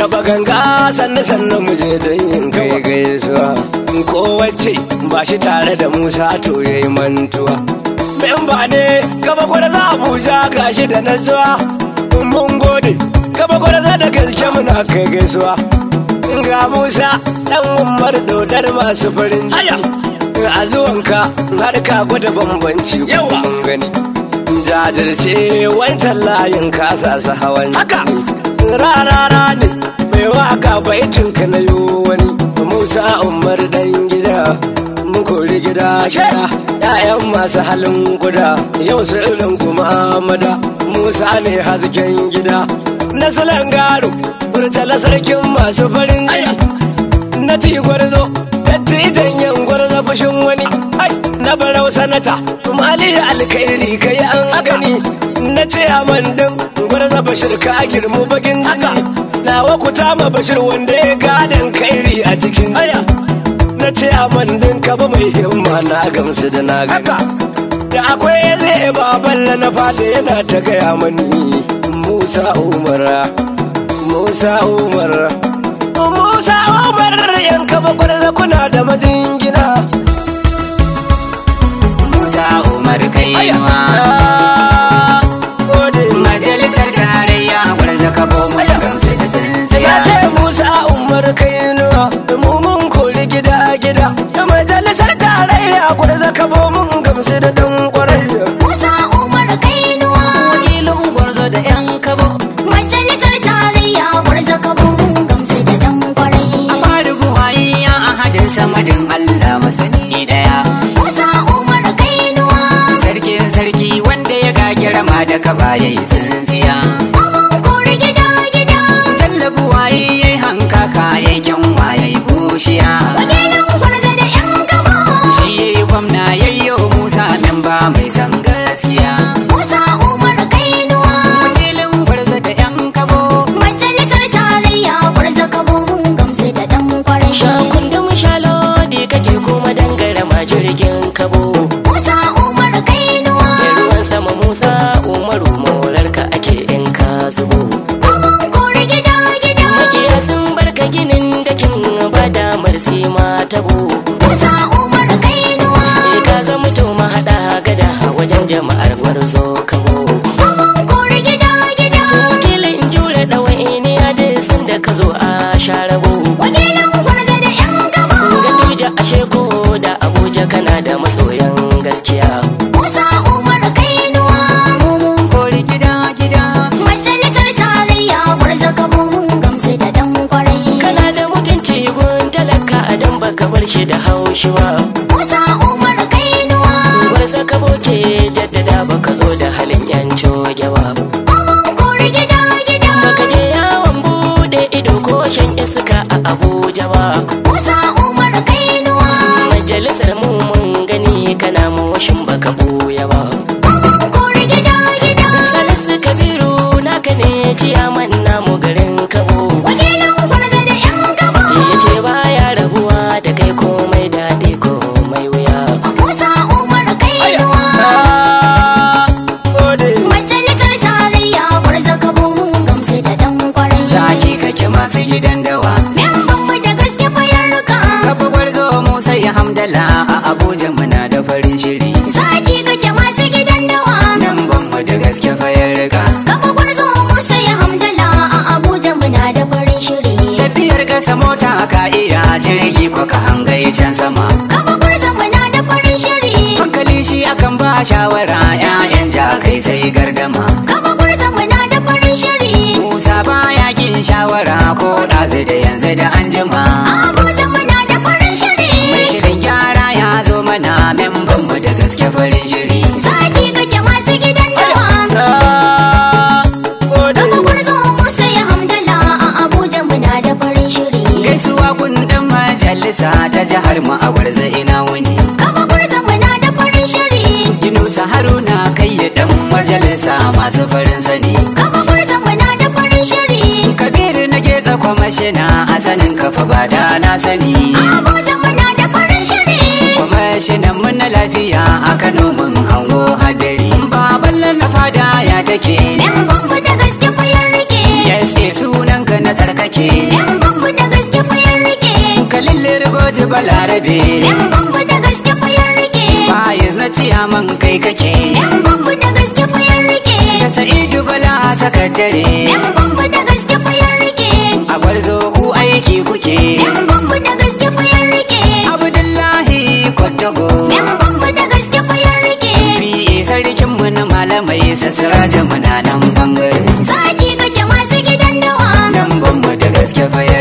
taba ganga sanna sannan mu je don yin kai gaisuwa kowace ba shi tare da musa to yayi mantuwa ba ne gaba kwada za abuja gashi da nazuwa mun gode gaba kwada za da gaske muna kai gaisuwa ga musa dan umar dodar masu farin a zuwanka har ka gwada bambanci yawa gani jajirce wancan layin kasa su hawan haka rana rani mai waka baitin ka na yi wani musa umar dan gida mun gida shida. ya'yan masu halin guda yau su irin kuma mada musa ne hasken gida na salangaro burtala sarkin masu farin na tigwar ta barau sanata mali alkhairi kai an gani na ce a mandin za bashir ka girmu bagin haka nawa ku ma bashir wanda ya gadan kairi a cikin aya na ce a mandin ka ba mai himma na gamsu da na haka da akwai zai balla na fata yana ta gaya mani musa umar musa umar musa umar yanka bakwai kuna da majingi 可以吗 shi da haushiwa kusa musa umar kainuwa wasa ka boke jaddada baka zo da halin canza mota ka iya jirgi ko ka hangai can sama majalisa masu farin sani kama gurzon na da farin shiri kabiru na ke tsakwa mashina a sanin kafa ba da na sani abotan na da farin shiri kwamashinan mu na lafiya a kano mun hango hadari baban na fada ya take memban da gaske fayar rike gaske sunan ka na tsarkake memban da gaske fayar rike kalin lirgoji balarabe memban sakatare yan bambu da gaske fayar rike a gwarzo ku aiki kuke yan bambu da gaske fayar rike abdullahi kwatago yan bambu da gaske fayar rike fiye sarkin mu na malamai sassarajen mu na nan bangare saki kake masu gidan dawa yan bambu da gaske fayar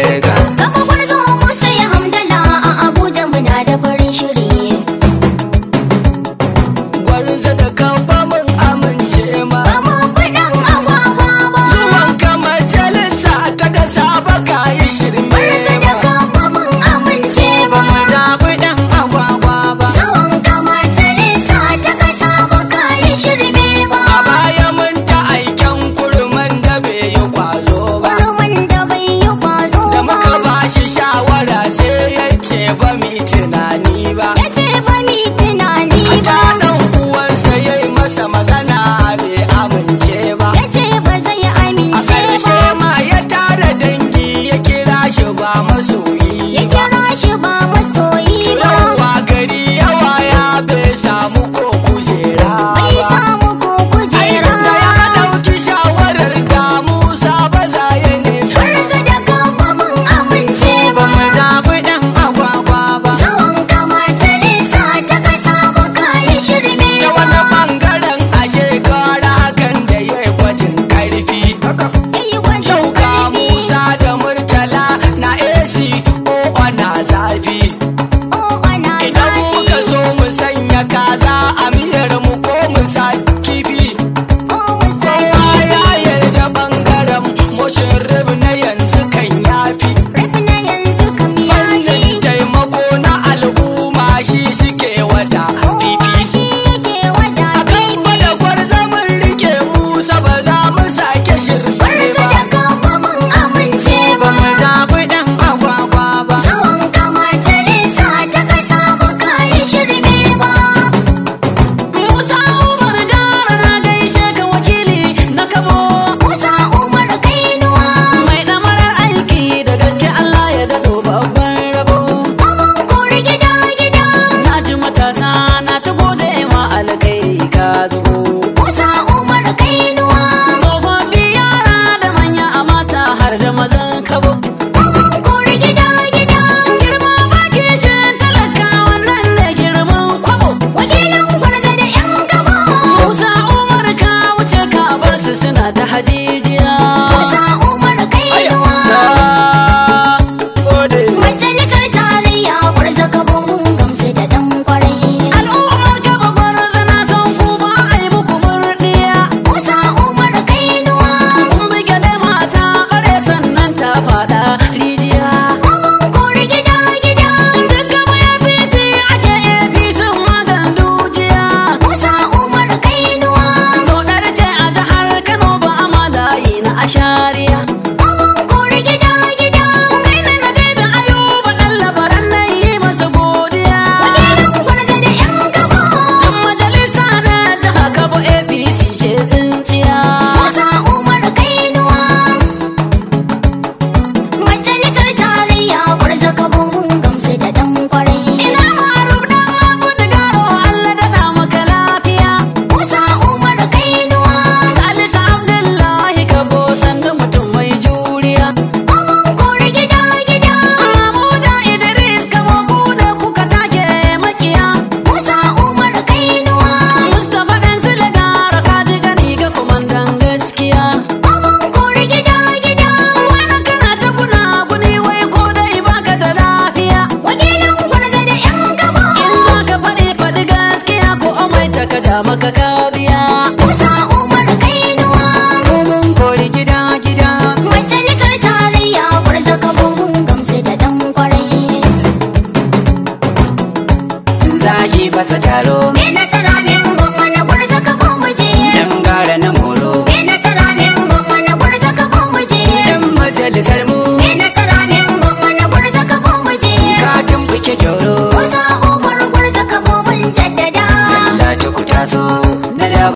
mother bauta maka kariya Musa Umar Kainuwa Mun kori gida gida Majalisar tarayya kwarzaka mun gamsu da dan kwarai Zaki basa taro Me nasara ne